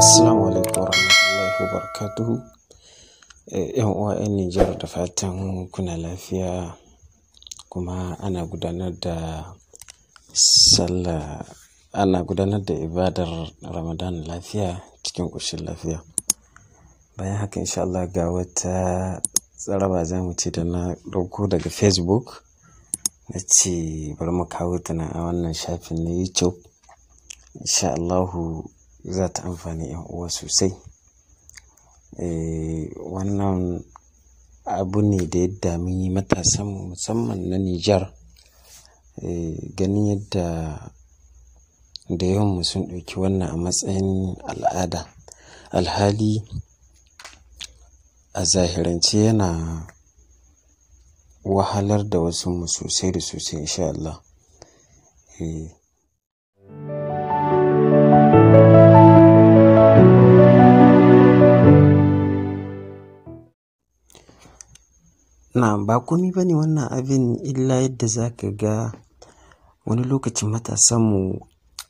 Assalamu alaikum warahmatullahi wabarakatuhu. Eh, ‘Yan uwa ‘yan Nijar da fatan kuna lafiya kuma ana gudanar da sallah ana gudanar da ibadar Ramadan lafiya cikin ƙoshin lafiya. Bayan haka insha Allah ga wata tsaraba za mu ce da na ɗauko daga Facebook na ce bari mu kawo ta a wannan shafin na YouTube. Insha Allahu za ta amfani yan uwa sosai eh, wannan abu ne da ya dami matasan musamman na Nijar eh, ganin yadda da yawan sun ɗauki wannan a matsayin al'ada alhali a zahirance yana wahalar da wasu mu sosai da sosai insha Allah. Eh, Na'am, ba komi ba ne wannan abin illa yadda za ka ga wani lokacin matasanmu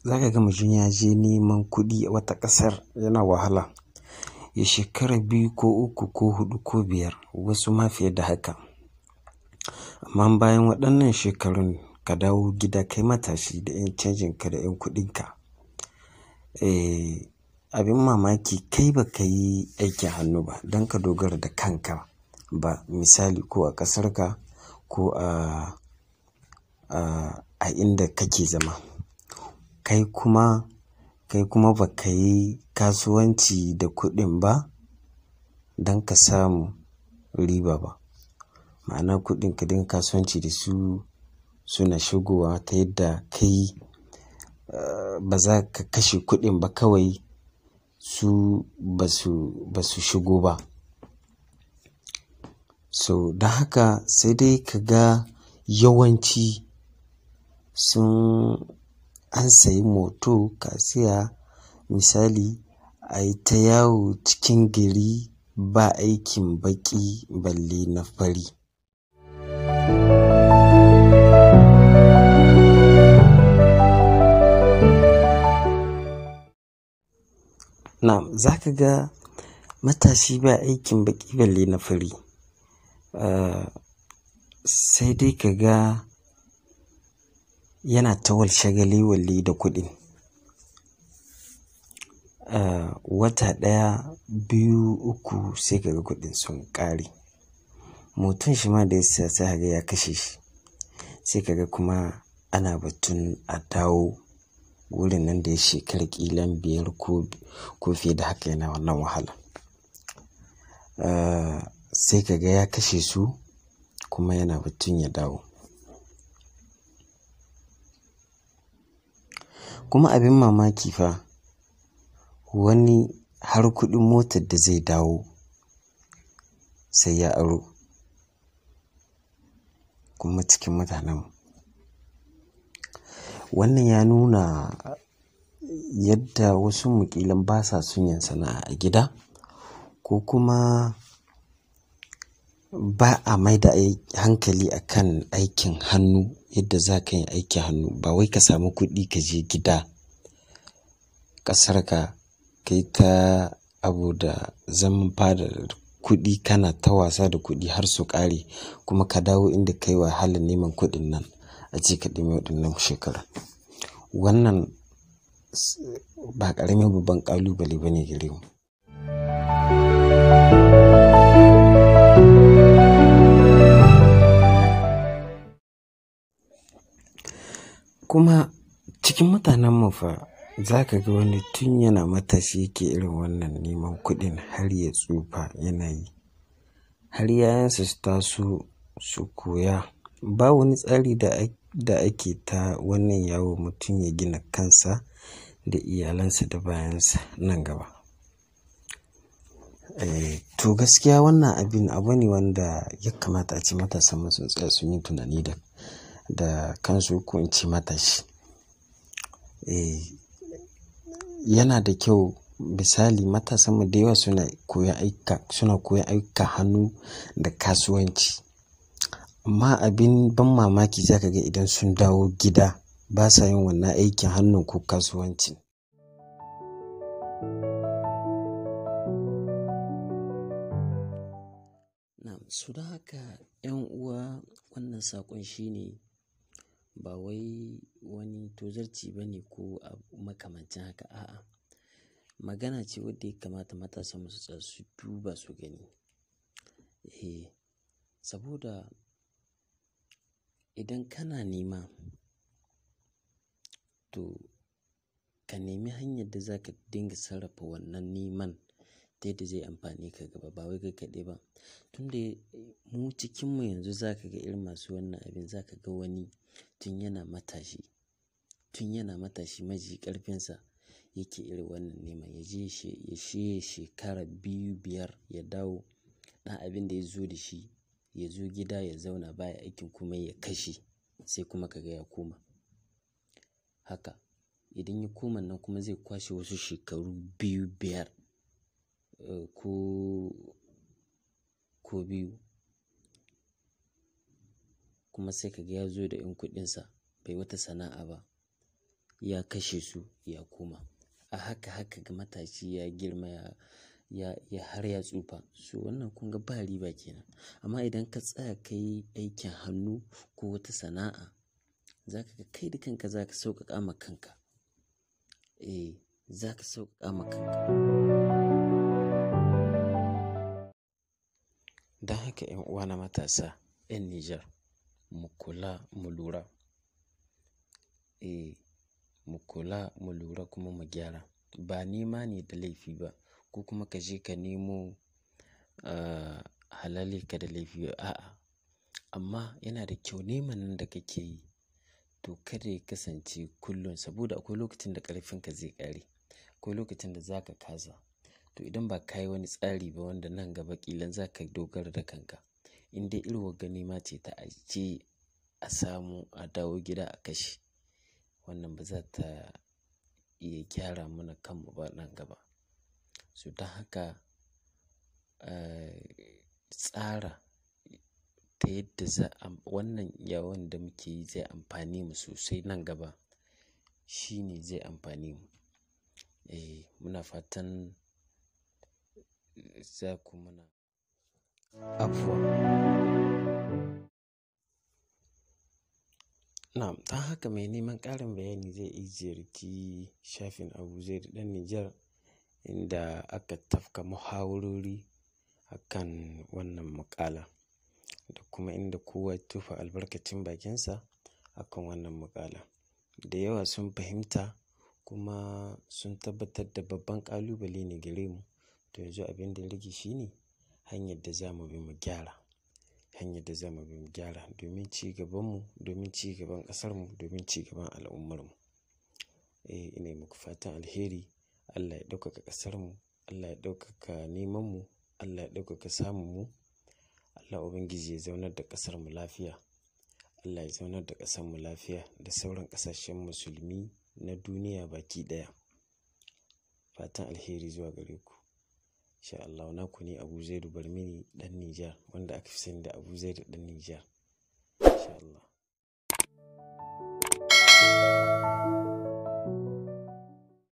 za ka ga mutum ya je neman kuɗi a wata ƙasar yana wahala. Ya shekara biyu ko uku ko hudu ko biyar wasu ma fiye da haka. Amma bayan waɗannan shekarun ka dawo gida kai matashi da 'yan canjinka da 'yan kuɗinka. Eh, abin mamaki kai ba ka yi aikin hannu ba don ka dogara da kanka. ba misali ko a ƙasarka ko a, a, inda kake zama kai kuma kai kuma ba ka yi kasuwanci da kuɗin ba don ka samu riba ba ma'ana kuɗin ka dinga kasuwanci da su suna shigowa ta yadda kai eh, ba za ka kashe kuɗin ba kawai su ba su shigo ba so da haka sai dai ka ga yawanci sun an sayi moto kasiya misali a yi ta yawo cikin gari ba aikin baƙi balle na fari na za ka ga matashi ba aikin baƙi balle na fari sai dai ka ga yana ta shagali walli da kuɗi wata ɗaya biyu uku sai ka ga kuɗin sun ƙare mutum shi ma da ya sa sai ga ya kashe shi sai ka ga kuma ana batun a dawo wurin nan da ya shekara kilan biyar ko fiye da haka yana wannan wahala sai ka ga ya kashe su kuma yana batun ya dawo kuma abin mamaki fa wani har kuɗin motar da zai dawo sai ya aro kuma cikin mutanen wannan ya nuna yadda wasu mukilan ba sa sunyan sana'a a gida ko kuma ba a mai da hankali a kan aikin hannu yadda za ka yi aikin hannu ba wai ka samu kuɗi ka je gida ƙasarka ka yi ta abu da zaman fada kuɗi kana ta wasa da kuɗi har su ƙare kuma ka dawo inda kai wahalar neman kuɗin nan a ce ka ɗime waɗannan shekara wannan ba ƙaramin babban ƙalubale ba ne gare mu kuma cikin mutanenmu fa za ka ga wani tun yana matashi yake irin wannan neman kuɗin har ya tsufa yana yi har yayansa su taso su koya ba wani tsari da ake ta wannan yawo mutum ya gina kansa da iyalansa da bayansa nan gaba eh, to gaskiya wannan abin abu ne wanda ya kamata a ci matasa sun tsaya sun yi tunani da da kansu ko matashi eh yana da kyau misali matasan mu da yawa suna koya aika hannu da kasuwanci amma abin ban mamaki zaka ga idan sun dawo gida ba sa yin wannan aikin hannu ko kasuwanci. su da haka 'yan uwa wannan saƙon shine ba wai wani tozarci ba ne ko makamancin haka a'a. Magana ce wadda ya kamata matasa mu su su duba su gani. Eh, saboda idan kana nema to ka nemi hanyar da za ka dinga sarrafa wannan neman ta yadda zai amfani ka gaba ba wai kai kaɗai ba tunda mu cikin mu yanzu zaka ga irin masu wannan abin zaka ga wani tun yana matashi tun yana matashi maji ƙarfinsa yake irin wannan neman ya je ya she shekara biyu biyar ya dawo ɗan abin da ya zo da shi ya zo gida ya zauna baya aikin kuma ya kashe sai kuma ka ga ya koma haka idan ya koma nan kuma zai kwashe wasu shekaru biyu biyar Eh, ko, biyu. Kuma sai kaga ya zo da yan kuɗinsa bai wata sana'a ba, ya kashe su ya koma. A haka haka ga matashi ya girma ya, har ya tsufa. So wannan kunga ga ba riba kenan. Amma idan ka tsaya ka yi aikin hannu ko wata sana'a, za ka ga kai da kanka za ka sauƙaƙa ma kanka. Eh, za ka sauƙaƙa ma kanka. Don haka ‘yan uwa na matasa, ‘yan Nijar, mu kula mu lura. Eh, mu kula mu lura kuma mu gyara. Ba nima ne da laifi ba ko kuma ka je ka nemo, ah, halali ka da laifi ba, a'a. Amma yana da kyau neman nan da kake yi to kada ya kasance kullum saboda akwai lokacin da ƙarfinka zai ƙare, akwai lokacin da za ka kasa. to idan ba ka yi wani tsari ba wanda nan gaba kilan za ka dogara da kanka in dai irin gani ma ce ta aje a samu a dawo gida a kashe wannan ba za ta iya gyara mana kanmu ba nan gaba so ta haka eh, tsara ta yadda za a wannan yawon da muke yi zai amfani mu sosai nan gaba shi ne zai amfani mu eh, muna fatan za ku afuwa. Na'am, don haka mai neman ƙarin bayani zai iya ziyarci shafin Abu Zaid ɗan Nijar inda aka tafka muhawarori akan wannan muƙala da kuma inda kowa tufa albarkacin bakinsa akan wannan muƙala. Da yawa sun fahimta kuma sun tabbatar da babban ƙalubale ne gare mu To yanzu abin da ya rage ne hanyar da za mu bi mu gyara, hanyar da za mu bi mu gyara domin cigabanmu, domin cigaban ƙasarmu, domin cigaban al'ummarmu. Eh, ina muku fatan alheri. Allah ya ɗaukaka ƙasarmu, Allah ya ɗaukaka nemanmu, Allah ya ɗaukaka mu. Allah Ubangiji ya zaunar da ƙasarmu lafiya. Allah ya zaunar da ƙasarmu lafiya da sauran ƙasashen musulmi na duniya baki ɗaya. Fatan alheri zuwa gare ku. Insha na ku ne Abu Zaidu Barmini ɗan Nijar wanda aka fi sani da Abu Zaidu ɗan Nijar.